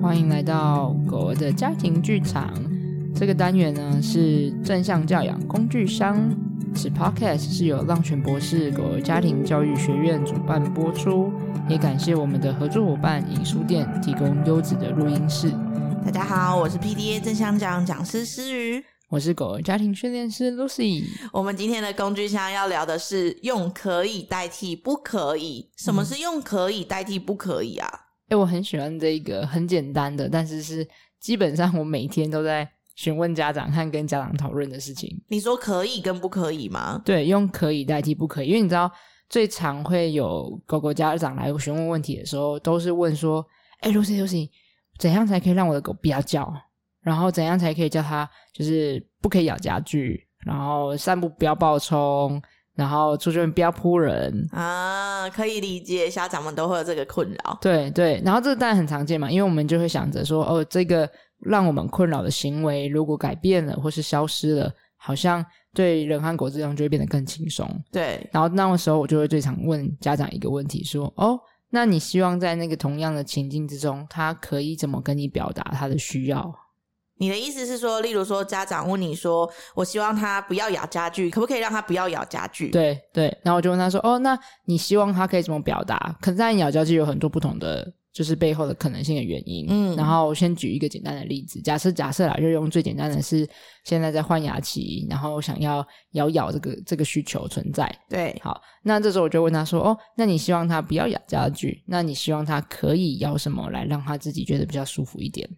歡迎來到狗兒的家庭劇場。這個單元呢，是正向教養工具箱。此 podcast 是由浪犬博士狗兒家庭教育學院主辦播出，也感謝我們的合作夥伴影書店提供優質的錄音室。大家好，我是 PDA 正向教養講師思瑜。我是狗家庭訓練師 Lucy。我們今天的工具箱要聊的是用可以代替不可以。什麼是用可以代替不可以啊？誒，嗯，欸，我很喜歡這一個很簡單的，但是是基本上我每天都在詢問家長，看跟家長討論的事情。你說可以跟不可以嗎？對，用可以代替不可以，因為你知道最常會有狗狗家長來詢問問題的時候，都是問說：“誒，欸，Lucy，Lucy，怎樣才可以讓我的狗不要叫？”然後怎樣才可以叫他，就是不可以咬家具？然後散步不要暴衝？然後出去不要撲人。啊，可以理解，家長們都會有這個困擾。對對，然後這個當然很常見嘛，因為我們就會想着說，哦，這個讓我們困擾的行為，如果改變了或是消失了，好像對人和狗之間就會變得更輕鬆。對。然後那個時候，我就會最常問家長一個問題：說，哦，那你希望在那個同樣的情境之中，他可以怎麼跟你表達他的需要？你的意思是說，例如說，家長問你說：“我希望他不要咬家具，可不可以讓他不要咬家具？”對對。然後我就問他說：“哦，那你希望他可以怎麼表達？可是在咬家具有很多不同的，就是背後的可能性的原因。”嗯。然後我先舉一個簡單的例子，假設假設啦，就用最簡單的是現在在換牙期，然後想要咬咬這個這個需求存在。對。好，那這時候我就問他說：“哦，那你希望他不要咬家具？那你希望他可以咬什麼來讓他自己覺得比較舒服一點？”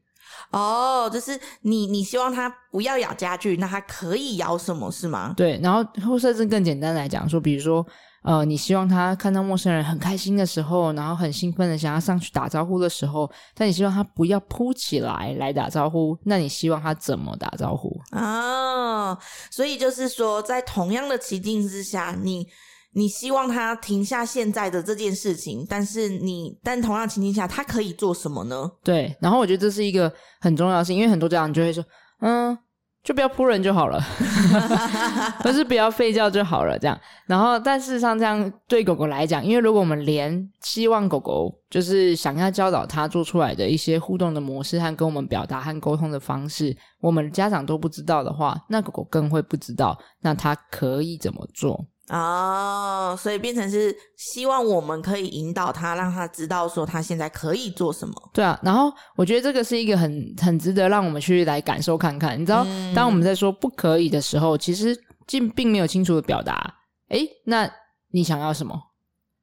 哦，oh, 就是你，你希望他不要咬家具，那它可以咬什麼，是嗎？對，然後後設置更簡單來講說，比如說，呃，你希望他看到陌生人很開心的時候，然後很興奮的想要上去打招呼的時候，但你希望他不要撲起來來打招呼，那你希望他怎麼打招呼啊？Oh, 所以就是說，在同樣的情境之下，你。你希望他停下現在的這件事情，但是你，但同樣情境下，它可以做什麼呢？對，然後我覺得這是一個很重要的事情，因為很多家長就會說，嗯，就不要撲人就好了，但 是不要吠叫就好了，這樣。然後，但事實上，這樣對狗狗來講，因為如果我們連希望狗狗就是想要教導他做出來的一些互動的模式和跟我們表達和溝通的方式，我們家長都不知道的話，那狗狗更會不知道，那他可以怎麼做？哦，oh, 所以變成是希望我們可以引導他，讓他知道說他現在可以做什麼。對啊，然後我覺得這個是一個很很值得讓我們去來感受看看。你知道，嗯、當我們在說不可以的時候，其實並並沒有清楚的表達。哎、欸，那你想要什麼？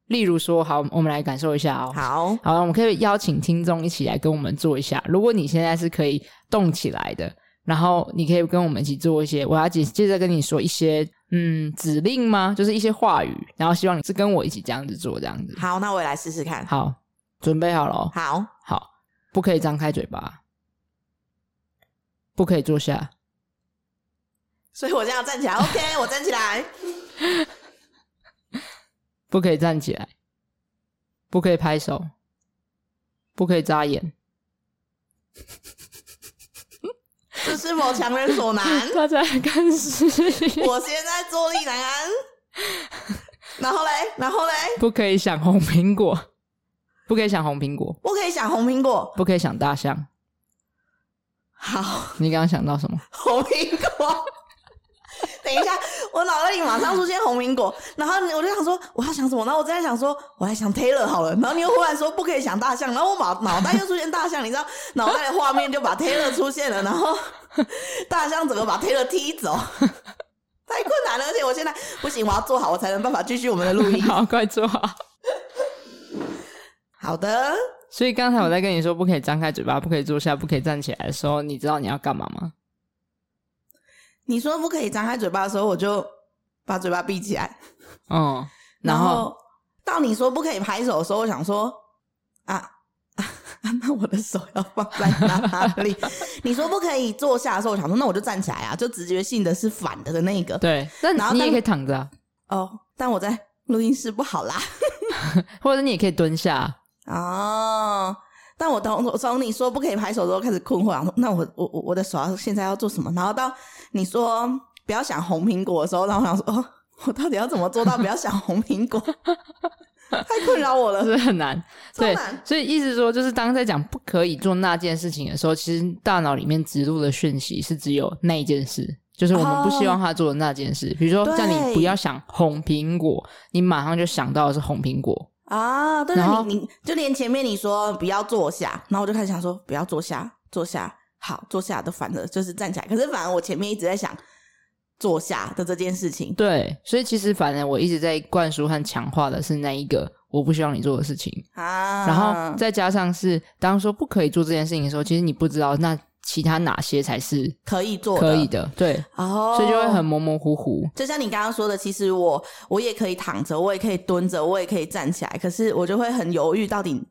例如說，好，我們來感受一下、喔、好，好，那我們可以邀請聽眾一起來跟我們做一下。如果你現在是可以動起來的。然後你可以跟我們一起做一些，我要接接着跟你說一些，嗯，指令嗎？就是一些話語，然後希望你是跟我一起這樣子做，這樣子。好，那我也來試試看。好，準備好了。好，好，不可以張開嘴巴，不可以坐下。所以我這樣站起來。OK， 我站起來。不可以站起來，不可以拍手，不可以眨眼。 這是否強人所難？他在乾濕。我現在坐立難安。然後嘞，然後嘞，不可以想紅蘋果， 不可以想紅蘋果，不可以想紅蘋果，不可以想大象。好，你剛剛想到什麼？紅蘋果。 等一下，我腦袋裡馬上出現紅蘋果，然後我就想說我要想什麼，然後我正在想說我來想 Taylor 好了，然後你又忽然說不可以想大象，然後我把腦袋又出現大象， 你知道腦袋的畫面就把 Taylor 出現了，然後大象怎麼把 Taylor 踢走？太困難了，而且我現在不行，我要坐好，我才能辦法繼續我們的錄音。好，快坐好。 好的，所以剛才我在跟你說不可以張開嘴巴，不可以坐下，不可以站起來的時候，你知道你要干嘛嗎？你說不可以張開嘴巴的時候，我就把嘴巴閉起來。嗯、然後，然後到你說不可以拍手的時候，我想說啊，啊那我的手要放在哪裡？ 你說不可以坐下的時候，我想說那我就站起來啊！就直覺性的是反的的那一個。對，那你也可以躺着，啊。哦，但我在錄音室不好啦。 或者你也可以蹲下。哦。那我從從你說不可以拍手的時候開始困惑，然後那我我我我的手要現在要做什麼？然後到你說不要想紅蘋果的時候，然後我想說，哦，我到底要怎麼做到不要想紅蘋果？ 太困擾我了，是不是很難？，超難。對，所以意思說，就是當在講不可以做那件事情的時候，其實大腦裡面植入的訊息是只有那一件事，就是我們不希望他做的那件事。Oh, 比如說，叫你不要想紅蘋果，對你馬上就想到的是紅蘋果。啊，對對、然後，你你就連前面你說不要坐下，然後我就開始想說不要坐下，坐下好，坐下都煩了，就是站起來。可是，反而我前面一直在想坐下的這件事情。對，所以其實反而我一直在灌輸和強化的是那一個我不希望你做的事情啊。然後再加上是當說不可以做這件事情的時候，其實你不知道那。其他哪些才是可以做，可以的？對，哦，oh, 所以就會很模模糊,糊糊。就像你剛剛說的，其實我我也可以躺着，我也可以蹲着，我也可以站起來，可是我就會很猶豫，到底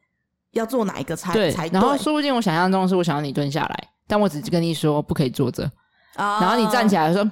要做哪一個才對才動。然後說不定我想象中是我想要你蹲下來，但我只是跟你說不可以坐着，oh, 然後你站起來的時候：“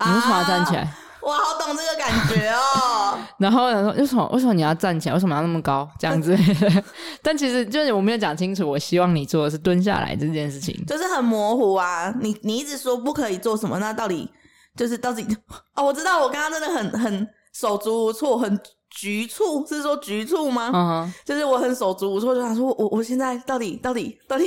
oh. 你為什麼要站起來？”我好懂這個感覺哦、喔。 然後他說：“為什麼？為什麼你要站起來？為什麼要那麼高？這樣子？ 但其實就是我沒有講清楚，我希望你做的是蹲下來這件事情，就是很模糊啊。你你一直說不可以做什麼，那到底就是到底哦？我知道，我剛剛真的很很手足無措，很局促。是說局促嗎？嗯、uh，huh. 就是我很手足無措，就想說我我現在到底到底到底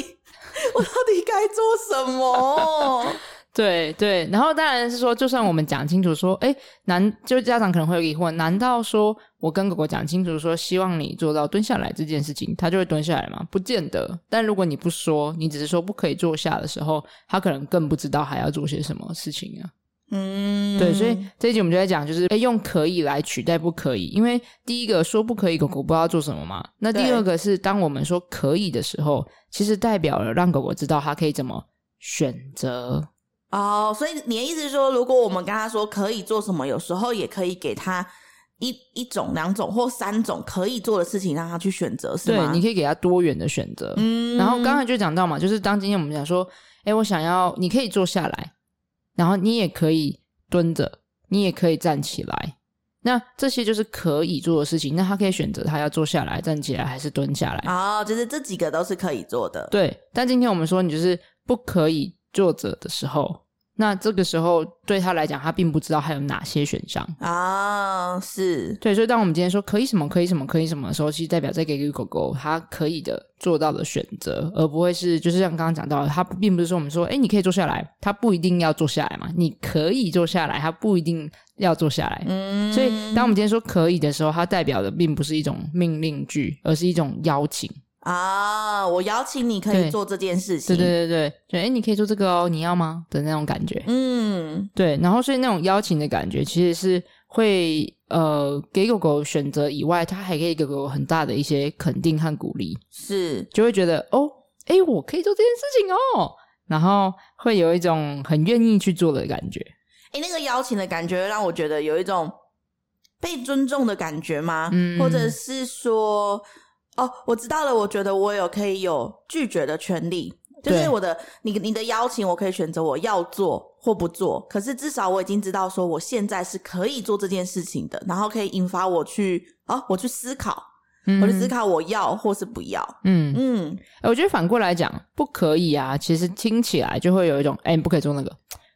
我到底該做什麼？” 對對，然後當然是說，就算我們講清楚說，誒難就家長可能會有疑惑：「難道說我跟狗狗講清楚說，希望你做到蹲下來這件事情，他就會蹲下來嗎？」不見得。但如果你不說，你只是說不可以坐下的時候，他可能更不知道還要做些什麼事情啊。嗯，對，所以這一集我們就在講，就是誒用可以來取代不可以，因為第一個說不可以，狗狗不知道做什麼嘛。那第二個是，當我們說可以的時候，其實代表了讓狗狗知道他可以怎麼選擇。哦，oh, 所以你的意思是說，如果我們跟他說可以做什麼，有時候也可以給他一一種、兩種或三種可以做的事情，讓他去選擇，是嗎？對，你可以給他多元的選擇。嗯，然後剛才就講到嘛，就是當今天我們講說，哎、欸，我想要，你可以坐下來，然後你也可以蹲着，你也可以站起來，那這些就是可以做的事情。那他可以選擇他要坐下來、站起來還是蹲下來。哦，oh, 就是這幾個都是可以做的。對，但今天我們說，你就是不可以。作者的時候，那這個時候對他來講，他並不知道還有哪些選項啊？Oh, 是，對，所以當我們今天說可以什麼，可以什麼，可以什麼的時候，其實代表在給予狗狗它可以的做到的選擇，而不會是就是像剛剛講到的，它並不是說我們說，誒，你可以坐下來，它不一定要坐下來嘛？你可以坐下來，它不一定要坐下來。嗯，所以當我們今天說可以的時候，它代表的並不是一種命令句，而是一種邀請。啊，我邀請你可以做這件事情，對，對對對對，就哎、欸，你可以做這個哦，你要嗎？的那種感覺，嗯，對。然後所以那種邀請的感覺，其實是會呃給狗狗選擇以外，它還可以給狗狗很大的一些肯定和鼓勵，是就會覺得哦，哎、欸，我可以做這件事情哦，然後會有一種很願意去做的感覺。哎、欸，那個邀請的感覺讓我覺得有一種被尊重的感覺嗎？嗯，或者是說？哦，我知道了。我覺得我有可以有拒絕的權利，就是我的，對你你的邀請，我可以選擇我要做或不做。可是至少我已經知道，說我現在是可以做這件事情的，然後可以引發我去啊、哦，我去思考，嗯、我去思考我要或是不要。嗯嗯、欸，我覺得反過來講，不可以啊。其實聽起來就會有一種，哎、欸，不可以做那個，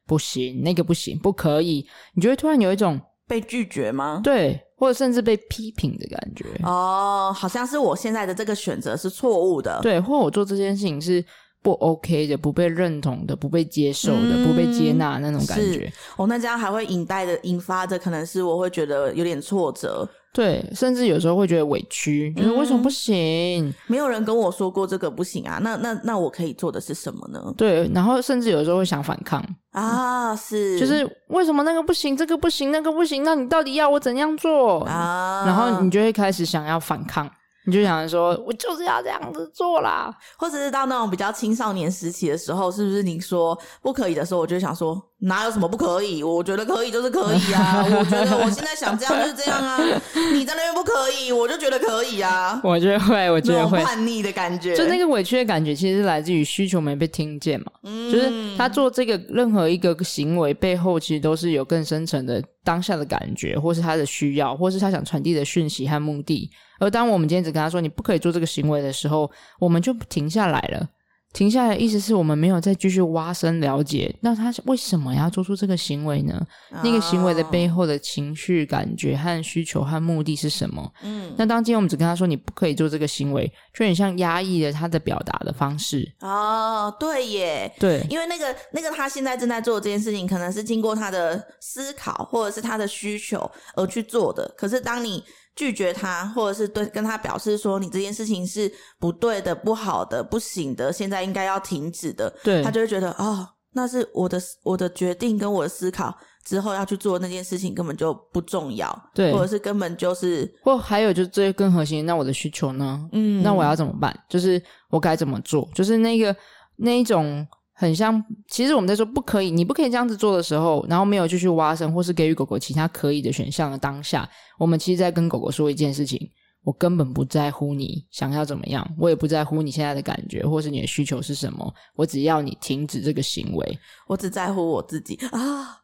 不行，那個不行，不可以。你就會突然有一種。被拒絕嗎？對，或者甚至被批評的感覺。哦，oh，好像是我現在的這個選擇是錯誤的。對，或我做這件事情是不 OK 的，不被認同的，不被接受的，嗯、不被接納那種感覺。哦，我那這樣還會引帶的，引發的可能是我會覺得有點挫折。對，甚至有時候會覺得委屈，就是為什麼不行？嗯，沒有人跟我說過這個不行啊！那那那，那我可以做的是什麼呢？對，然後甚至有時候會想反抗啊，是，就是為什麼那個不行，這個不行，那個不行？那你到底要我怎樣做啊？然後你就會開始想要反抗。你就想說，我就是要這樣子做啦，或者是到那種比較青少年時期的時候，是不是你說不可以的時候，我就想說哪有什麼不可以？我覺得可以就是可以啊， 我覺得我現在想這樣就是這樣啊。 你在那邊不可以，我就覺得可以啊。我覺得會，我覺得會叛逆的感覺，就那個委屈的感覺，其實是來自於需求沒被聽見嘛。嗯，就是他做這個任何一個行為背後，其實都是有更深層的當下的感覺，或是他的需要，或是他想傳遞的訊息和目的。而當我們今天只跟他說，你不可以做這個行為的時候，我們就停下來了。停下來的意思是我們沒有再繼續挖深了解。那他為什麼要做出這個行為呢？那個行為的背後的情緒、感覺和需求和目的是什麼？嗯、哦，那當今天我們只跟他說，你不可以做這個行為，就很像壓抑了他的表達的方式。哦，對耶，對，因為那個那個他現在正在做的這件事情，可能是經過他的思考或者是他的需求而去做的。可是當你。拒絕他，或者是對，跟他表示說你這件事情是不對的、不好的、不行的，現在應該要停止的。對。他就會覺得哦，那是我的我的決定跟我的思考之後要去做那件事情根本就不重要，對，或者是根本就是。或還有就是最更核心，那我的需求呢？嗯，那我要怎麼辦？就是我該怎麼做？就是那個那一種。很像，其實我們在說不可以，你不可以這樣子做的時候，然後沒有繼續挖生，或是給予狗狗其他可以的選項的當下，我們其實在跟狗狗說一件事情：我根本不在乎你想要怎麼樣，我也不在乎你現在的感覺或是你的需求是什麼，我只要你停止這個行為，我只在乎我自己啊！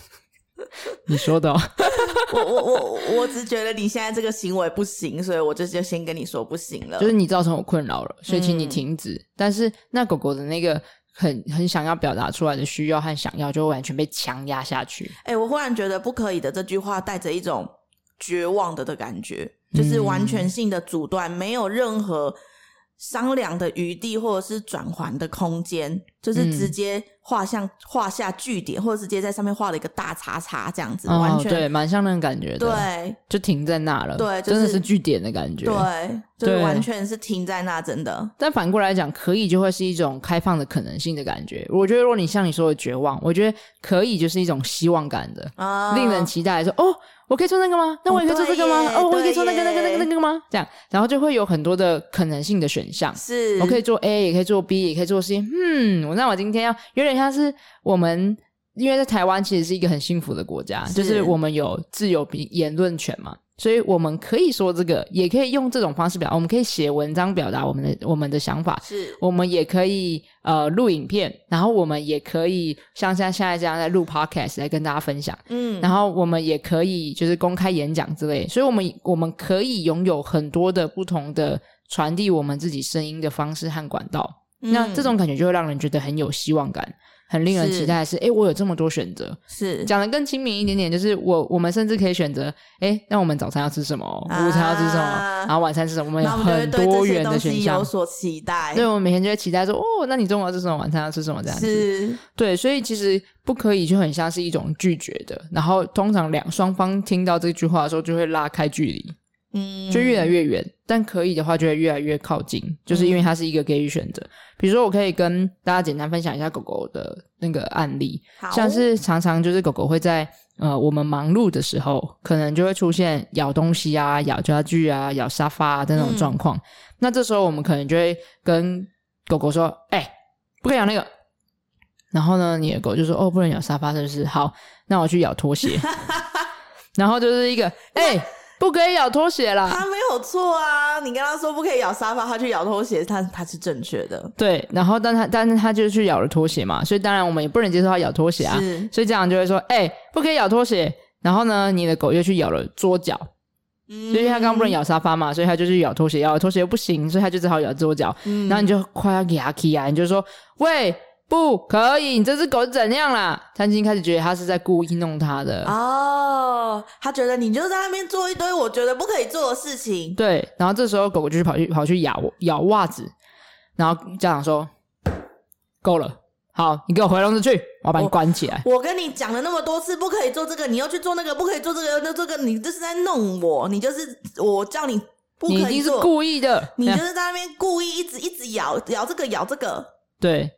你說的哦。 我我我我只覺得你現在這個行為不行，所以我就就先跟你說不行了。就是你造成我困擾了，所以請你停止。嗯、但是那狗狗的那個很很想要表達出來的需要和想要，就完全被強壓下去。哎、欸，我忽然覺得“不可以”的這句話帶着一種絕望的的感覺，就是完全性的阻斷，沒有任何商量的餘地或者是轉圜的空間。就是直接畫像畫、嗯、下句點，或者直接在上面畫了一個大叉叉這樣子，哦、完全對，蠻像那種感覺的。對，就停在那了。對，就是、真的是句點的感覺。對，就是、完全是停在那，真的。對但反過來講，可以就會是一種開放的可能性的感覺。我覺得，如果你像你說的絕望，我覺得可以就是一種希望感的，哦、令人期待來說。說哦，我可以做那個嗎？那我也可以做這個嗎？哦，哦，我也可以做那個、那個那個那個那個嗎？這樣，然後就會有很多的可能性的選項。是，我可以做 A，也可以做 B，也可以做 C。嗯，我。那我今天要有點像是我們，因為在台灣其實是一個很幸福的國家，是就是我們有自由言論權嘛，所以我們可以說這個，也可以用這種方式表達，我們可以寫文章表達我們的我們的想法，是，我們也可以呃錄影片，然後我們也可以像像現，現在這樣在錄 podcast 來跟大家分享，嗯，然後我們也可以就是公開演講之類，所以我們我們可以擁有很多的不同的傳遞我們自己聲音的方式和管道。嗯、那這種感覺就會讓人覺得很有希望感，很令人期待的是，誒是、欸，我有這麼多選擇，是講得更親民一點點，就是我我們甚至可以選擇，誒、欸，那我們早餐要吃什麼，午餐要吃什麼，啊、然後晚餐吃什麼，我們有很多元的選項，會有所期待。對，我們每天就會期待說，哦，那你中午要吃什麼，晚餐要吃什麼這樣子。是對，所以其實不可以，就很像是一種拒絕的，然後通常兩雙方聽到這句話的時候，就會拉開距離。嗯，就越來越遠，嗯、但可以的話就會越來越靠近，就是因為它是一個給予選擇。嗯、比如說，我可以跟大家簡單分享一下狗狗的那個案例，好像是常常就是狗狗會在呃我們忙碌的時候，可能就會出現咬東西啊、咬家具啊、咬沙發的、啊、那種狀況。嗯、那這時候我們可能就會跟狗狗說：“哎、欸，不可以咬那個。”然後呢，你的狗就說：“哦，不能咬沙發，是不是？”好，那我去咬拖鞋。 然後就是一個哎。欸不可以咬拖鞋啦。他沒有錯啊！你跟他說不可以咬沙發，他去咬拖鞋，他他是正確的。對，然後但他但是他就去咬了拖鞋嘛，所以當然我們也不能接受他咬拖鞋啊。是。所以家長就會說：哎、欸，不可以咬拖鞋。然後呢，你的狗又去咬了桌角。嗯。所以他剛不能咬沙發嘛，所以他就去咬拖鞋，咬了拖鞋又不行，所以他就只好咬桌角。嗯。然後你就快要給他 k 啊，你就說：喂。不可以！你這隻狗怎樣啦？餐廳開始覺得他是在故意弄他的哦。Oh, 他覺得你就是在那邊做一堆我覺得不可以做的事情。對，然後這時候狗狗就跑去跑去，跑去咬我咬襪子，然後家長說：“夠了，好，你給我回籠子去，我要把你關起來。”我，我跟你講了那麼多次不可以做這個，你又去做那個，不可以做這個，又做這個，你這是在弄我，你就是我叫你不可以做，你一定是故意的，你就是在那邊故意一直一直咬咬這個咬這個，這個、對。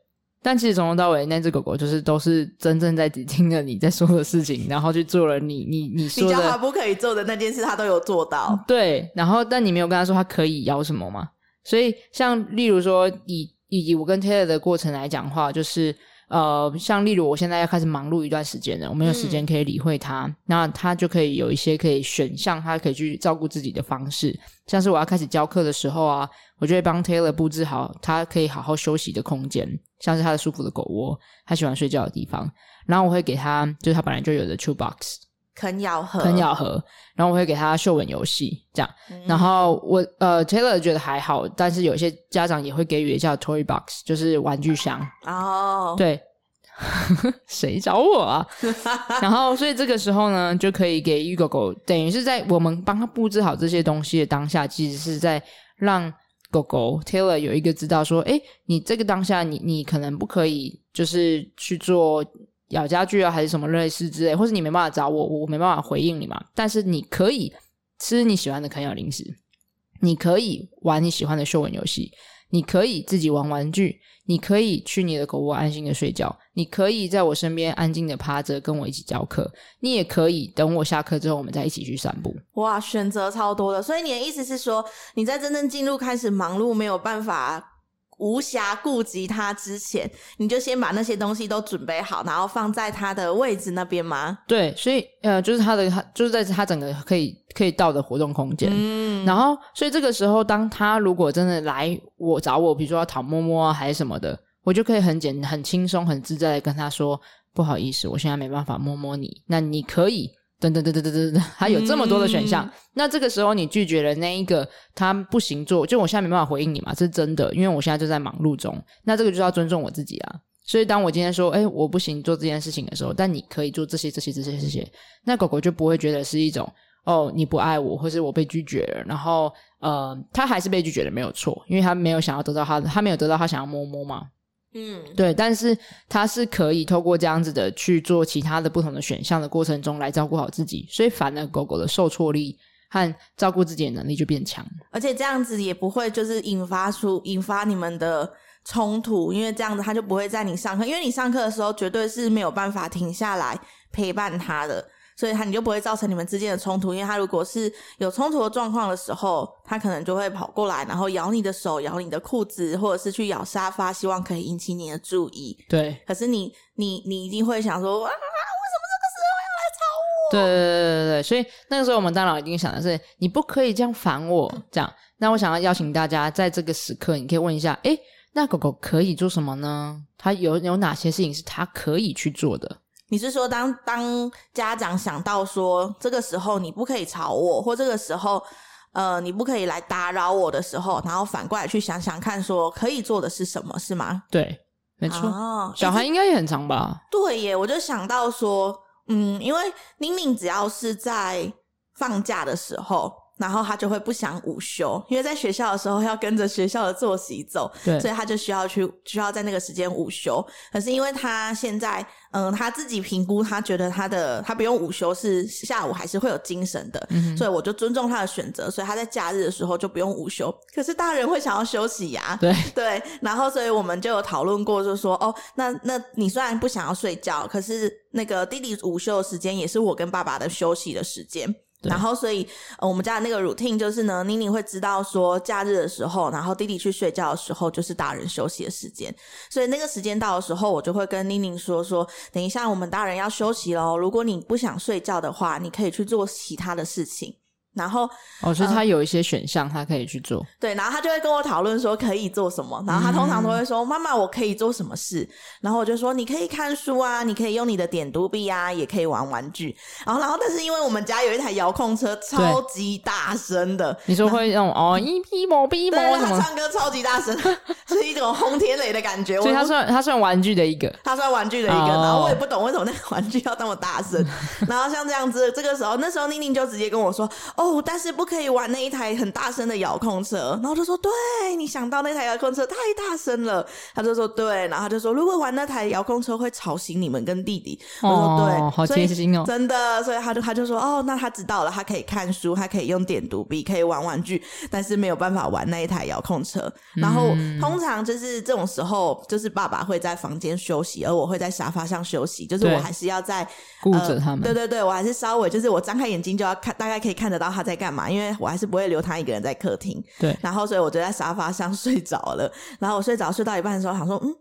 但其實從頭到尾，那只狗狗就是都是真正在聽着你在說的事情，然後去做了你你你說它不可以做的那件事，它都有做到。對，然後但你沒有跟他說它可以咬什麼嗎？所以像例如說，以以我跟 Taylor 的過程來講的話，就是呃，像例如我現在要開始忙碌一段時間了，我沒有時間可以理會它，嗯、那它就可以有一些可以選項，它可以去照顧自己的方式，像是我要開始教課的時候啊，我就會幫 Taylor 布置好，它可以好好休息的空間。像是他的舒服的狗窩，他喜歡睡覺的地方，然後我會給他，就是他本來就有的 chew box，啃咬盒，啃咬盒，然後我會給他嗅聞遊戲，這樣，嗯嗯然後我呃，Taylor 覺得還好，但是有些家長也會給予一下 toy box，就是玩具箱，哦，對， 誰找我啊？ 然後，所以這個時候呢，就可以給予狗狗，等於是在我們幫他布置好這些東西的當下，其實是在讓。狗狗 Taylor 有一個知道說，哎，欸，你這個當下你你可能不可以就是去做咬家具啊，還是什麼類似之類，或是你沒辦法找我，我沒辦法回應你嘛。但是你可以吃你喜歡的啃咬零食，你可以玩你喜歡的嗅聞遊戲。你可以自己玩玩具，你可以去你的狗窩安心的睡覺，你可以在我身邊安靜的趴着跟我一起教課，你也可以等我下課之後我們再一起去散步。哇，選擇超多的。所以你的意思是說，你在真正進入開始忙碌，沒有辦法。無暇顧及他之前，你就先把那些東西都準備好，然後放在他的位置那邊嗎？對，所以呃，就是他的，他就是在他整個可以可以到的活動空間。嗯，然後所以這個時候，當他如果真的來我找我，比如說要討摸摸啊，還是什麼的，我就可以很簡很輕鬆很自在的跟他說：“不好意思，我現在沒辦法摸摸你，那你可以。”等等等等等等等，他有這麼多的選項。嗯、那這個時候你拒絕了那一個，他不行做，就我現在沒辦法回應你嘛，這是真的，因為我現在就在忙碌中。那這個就要尊重我自己啊。所以當我今天說，哎、欸，我不行做這件事情的時候，但你可以做這些、這些、這些這些。那狗狗就不會覺得是一種，哦，你不愛我，或是我被拒絕了。然後，呃，他還是被拒絕了，沒有錯，因為他沒有想要得到他的，他沒有得到他想要摸摸嘛。嗯，對，但是它是可以透過這樣子的去做其他的不同的選項的過程中來照顧好自己，所以反而狗狗的受挫力和照顧自己的能力就變強，而且這樣子也不會就是引發出引發你們的衝突，因為這樣子它就不會在你上課，因為你上課的時候絕對是沒有辦法停下來陪伴它的。所以它你就不會造成你們之間的衝突，因為它如果是有衝突的狀況的時候，它可能就會跑過來，然後咬你的手、咬你的褲子，或者是去咬沙發，希望可以引起你的注意。對，可是你、你、你一定會想說啊，為什麼這個時候要來找我？對對對對對。所以那個時候我們大腦一定想的是，你不可以這樣煩我。這樣，那我想要邀請大家，在這個時刻，你可以問一下：誒、欸，那狗狗可以做什麼呢？它有有哪些事情是它可以去做的？你是說當，當當家長想到說這個時候你不可以吵我，或這個時候呃你不可以來打擾我的時候，然後反過來去想想看，說可以做的是什麼，是嗎？對，沒錯。哦，小孩應該也很長吧？欸，對耶，我就想到說，嗯，因為明明只要是在放假的時候。然後他就會不想午休，因為在學校的時候要跟着學校的作息走，對所以他就需要去需要在那個時間午休。可是因為他現在嗯、呃、他自己評估，他覺得他的他不用午休是下午還是會有精神的，嗯、哼所以我就尊重他的選擇。所以他在假日的時候就不用午休。可是大人會想要休息呀、啊，對對。然後所以我們就有討論過，就說哦，那那你雖然不想要睡覺，可是那個弟弟午休的時間也是我跟爸爸的休息的時間。然後，所以我們家的那個 routine 就是呢，對妮妮會知道說，假日的時候，然後弟弟去睡覺的時候，就是大人休息的時間。所以那個時間到的時候，我就會跟妮妮說說，等一下我們大人要休息咯，如果你不想睡覺的話，你可以去做其他的事情。然後，哦，所以他有一些選項，他可以去做。對，然後他就會跟我討論說可以做什麼。然後他通常都會說：“媽媽，我可以做什麼事？”然後我就說：“你可以看書啊，你可以用你的點讀筆啊，也可以玩玩具。”然後，然後，但是因為我們家有一台遙控車，超級大聲的。你說會那種哦，一屁毛逼毛什麼？他唱歌超級大聲，是一種轟天雷的感覺。所以他算他算玩具的一個，他算玩具的一個。然後我也不懂為什麼那個玩具要那麼大聲。然後像這樣子，這個時候那時候，妮妮就直接跟我說。哦，但是不可以玩那一台很大聲的遙控車。然後就說，對，你想到那台遙控車太大聲了。他就說對，然後他就說如果玩那台遙控車會吵醒你們跟弟弟。哦、我說對，好貼心哦，真的。所以他就他就說哦，那他知道了，他可以看書，他可以用點讀筆，可以玩玩具，但是沒有辦法玩那一台遙控車。然後、嗯、通常就是這種時候，就是爸爸會在房間休息，而我會在沙發上休息，就是我還是要在顧着對、呃、他們。對對對，我還是稍微就是我張開眼睛就要看，大概可以看得到。他在幹嘛？因為我還是不會留他一個人在客廳。對，然後所以我就在沙發上睡着了。然後我睡着睡到一半的時候，想說嗯，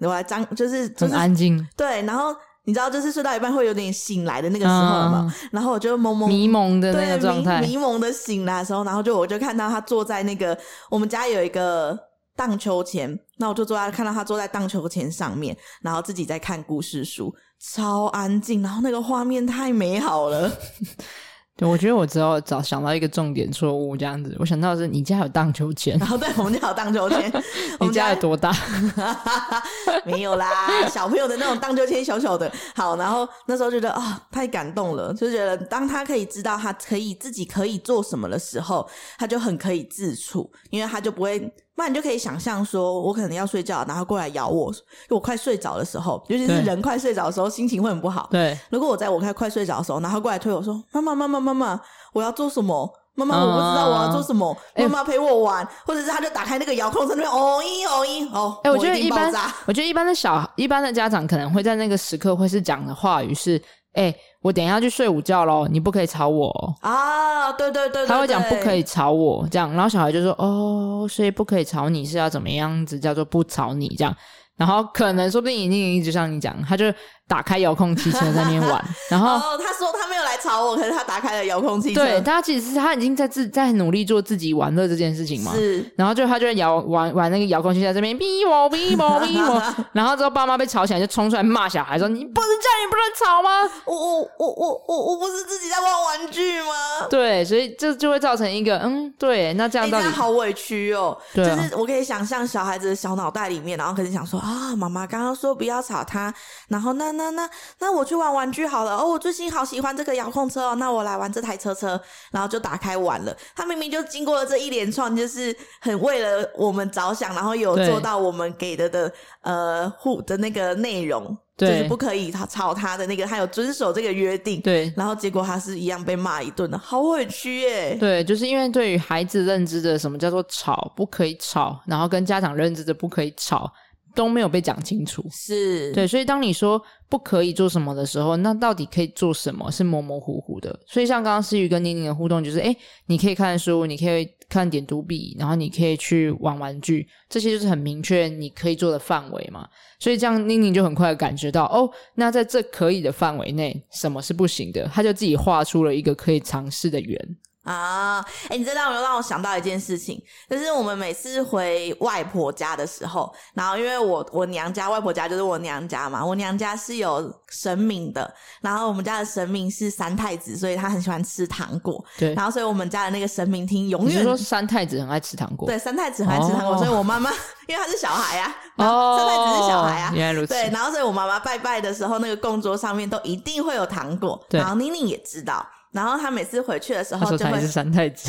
我來張就是、就是、很安靜。對，然後你知道，就是睡到一半會有點醒來的那個時候嘛。啊、然後我就懵懵迷蒙的那個狀態，迷蒙的醒來的時候，然後就我就看到他坐在那個我們家有一個盪秋千，那我就坐在看到他坐在荡秋千上面，然後自己在看故事書，超安靜。然後那個畫面太美好了。 對，我覺得我只要找想到一個重點錯誤這樣子，我想到的是你家有盪秋千，然後對，我們家有盪秋千，你家有多大？ 沒有啦，小朋友的那種盪秋千，小小的。好，然後那時候覺得啊、哦，太感動了，就覺得當他可以知道他可以自己可以做什麼的時候，他就很可以自處，因為他就不會。那你就可以想象說，我可能要睡覺，然後過來咬我。因為我快睡着的時候，尤其是人快睡着的時候，對心情會很不好。對，如果我在我快快睡着的時候，然後過來推我說：“媽媽，媽媽，媽媽，我要做什麼？媽媽，我不知道我要做什麼。嗯、媽媽陪我玩，欸、或者是他就打開那個遙控，在那邊哦咦，哦咦，哦。哦哦欸”我覺得一般，我，一我覺得一般的小，一般的家長可能會在那個時刻會是講的話語是：“哎、欸。”我等一下去睡午覺嘍，你不可以吵我啊！對對對，對，對，他會講不可以吵我這樣，然後小孩就說哦，所以不可以吵你是要怎麼樣子，叫做不吵你這樣，然後可能說不定眼鏡一直像你講，他就。打開遙控器，在那邊玩， 然後、哦、他說他沒有來吵我，可是他打開了遙控器。對，他其實是他已經在自在，在努力做自己玩樂這件事情嘛。是，然後就他就在搖玩玩那個遙控器在，在這邊逼我逼我逼我。我然後之後爸媽被吵起來，就衝出來罵小孩說：“你不能這樣，你不能吵嗎？我我我我我我不是自己在玩玩具嗎？”對，所以這就，就會造成一個嗯，對，那這樣到底、欸、你這樣好委屈哦。對、啊，就是我可以想象小孩子的小腦袋裡面，然後可能想說：“啊，媽媽剛剛說不要吵他，然後那。”那那那，那那我去玩玩具好了。哦，我最近好喜歡這個遙控車哦。那我來玩這台車車，然後就打開玩了。他明明就經過了這一連串，就是很為了我們着想，然後有做到我們給的的對呃互的那個內容，對就是不可以吵他的那個，他有遵守這個約定。對，然後結果他是一樣被罵一頓的，好委屈耶、欸。對，就是因為對於孩子認知的什麼叫做吵，不可以吵，然後跟家長認知的不可以吵。都沒有被講清楚，是。對，所以當你說不可以做什麼的時候，那到底可以做什麼是模模糊糊的。所以像剛剛思雨跟妮妮的互動，就是，誒，你可以看書，你可以看點讀筆，然後你可以去玩玩具，這些就是很明確你可以做的範圍嘛。所以這樣妮妮就很快感覺到哦，那在這可以的範圍內，什麼是不行的，他就自己畫出了一個可以嘗試的圓。啊，哎，uh, 欸、你知道讓我讓我想到一件事情，就是我們每次回外婆家的時候，然後因為我我娘家外婆家就是我娘家嘛，我娘家是有神明的，然後我們家的神明是三太子，所以他很喜歡吃糖果，對，然後所以我們家的那個神明廳永遠，你是說三太子很愛吃糖果，對，三太子很愛吃糖果，oh. 所以我媽媽因為他是小孩啊，哦，三太子是小孩啊，oh. 對，然後所以我媽媽拜拜的時候，那個供桌上面都一定會有糖果，對然後妮妮也知道。然後他每次回去的時候就會，他說他也是三太子。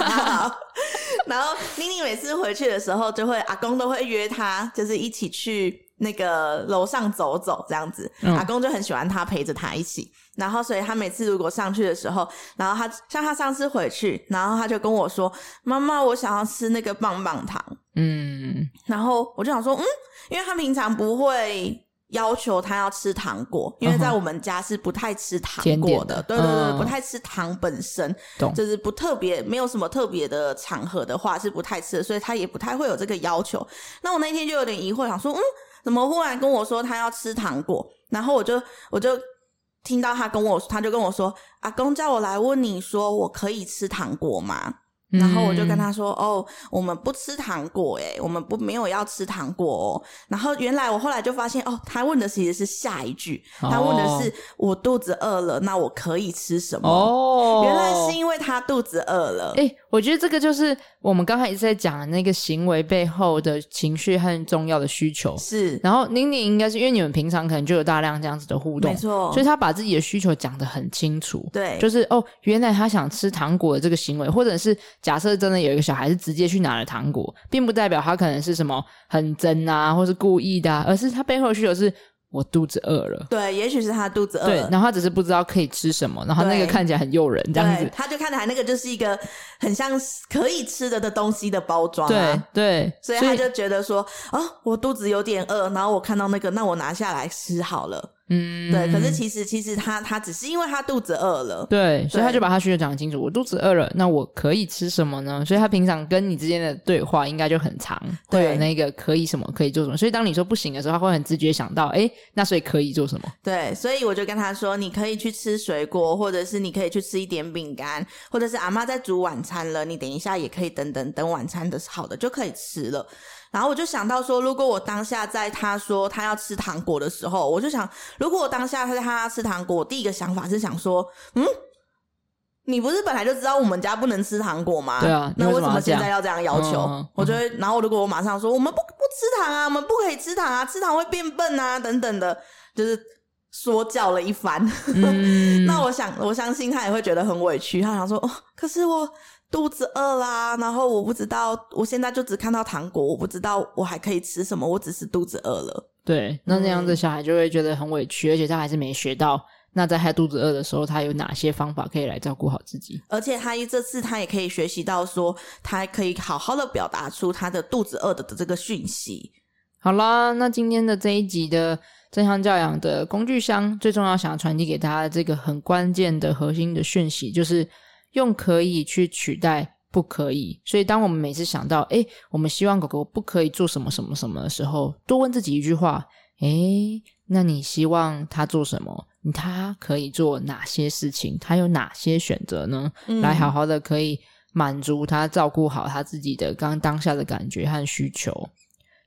然後妮妮每次回去的時候就會，阿公都會約他，就是一起去那個樓上走走這樣子。嗯。阿公就很喜歡他陪着他一起。然後所以他每次如果上去的時候，然後他像他上次回去，然後他就跟我說：“媽媽，我想要吃那個棒棒糖。”嗯。然後我就想說，嗯，因為他平常不會。要求他要吃糖果，因為在我們家是不太吃糖果的，uh huh. 對對對，不太吃糖本身，uh huh. 就是不特別，沒有什麼特別的場合的話是不太吃的，所以他也不太會有這個要求。那我那天就有點疑惑，想說，嗯，怎麼忽然跟我說他要吃糖果？然後我就我就聽到他跟我，他就跟我說，阿公叫我來問你說，我可以吃糖果嗎？然後我就跟他說：“嗯、哦，我們不吃糖果，哎，我們不沒有要吃糖果、哦。”然後原來我後來就發現，哦，他問的是其實是下一句，他問的是、哦、我肚子餓了，那我可以吃什麼？哦，原來是因為他肚子餓了。哎、欸，我覺得這個就是。我們剛才一直在講那個行為背後的情緒和重要的需求，是。然後寧寧應該是因為你們平常可能就有大量這樣子的互動，沒錯。所以他把自己的需求講得很清楚，對，就是哦，原來他想吃糖果的這個行為，或者是假設真的有一個小孩是直接去拿了糖果，並不代表他可能是什麼很真啊，或是故意的啊，而是他背後的需求是。我肚子餓了。對，也許是他肚子餓了。對，然後他只是不知道可以吃什麼，然後那個看起來很誘人，對這樣子。他就看起來那個就是一個很像可以吃的的東西的包裝、啊、對。對，所以他就覺得說以啊，我肚子有點餓，然後我看到那個，那我拿下來吃好了。嗯，對，可是其實，其實他他只是因為他肚子餓了，對，對，所以他就把他需求講清楚。我肚子餓了，那我可以吃什麼呢？所以他平常跟你之間的對話應該就很長，對。那個可以什麼，可以做什麼。所以當你說不行的時候，他會很直覺想到，哎，那所以可以做什麼？對，所以我就跟他說，你可以去吃水果，或者是你可以去吃一點餅乾，或者是阿媽在煮晚餐了，你等一下也可以等等等晚餐的，好的，就可以吃了。然後我就想到說，如果我當下在他說他要吃糖果的時候，我就想，如果我當下他在他要吃糖果，我第一個想法是想說，嗯，你不是本來就知道我們家不能吃糖果嗎？對啊，那我為什麼現在要這樣要求？嗯、我就會，然後如果我馬上說，我們不不吃糖啊，我們不可以吃糖啊，吃糖會變笨啊，等等的，就是說教了一番。 那我想，我相信他也會覺得很委屈，他想說，哦、可是我。肚子餓啦，然後我不知道，我現在就只看到糖果，我不知道我還可以吃什麼，我只是肚子餓了。對，那那樣子小孩就會覺得很委屈，嗯、而且他還是沒學到。那在他肚子餓的時候，他有哪些方法可以來照顧好自己？而且他這次他也可以學習到說，說他可以好好的表達出他的肚子餓的這個訊息。好啦，那今天的這一集的正向教養的工具箱，最重要想要傳遞給大家這個很關鍵的核心的訊息就是。用可以去取代不可以，所以當我們每次想到，哎，我們希望狗狗不可以做什麼什麼什麼的時候，多問自己一句話，哎，那你希望他做什麼？他可以做哪些事情？他有哪些選擇呢？嗯，來好好的可以滿足他，照顧好他自己的剛當下的感覺和需求。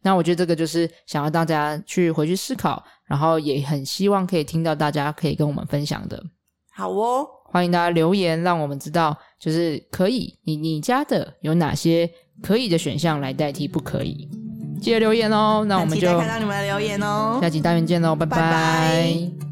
那我覺得這個就是想要大家去回去思考，然後也很希望可以聽到大家可以跟我們分享的。好哦。歡迎大家留言，讓我們知道就是可以，你你家的有哪些可以的選項來代替不可以？記得留言哦。那我們就看到你們的留言哦。下期單元見嘍，拜拜。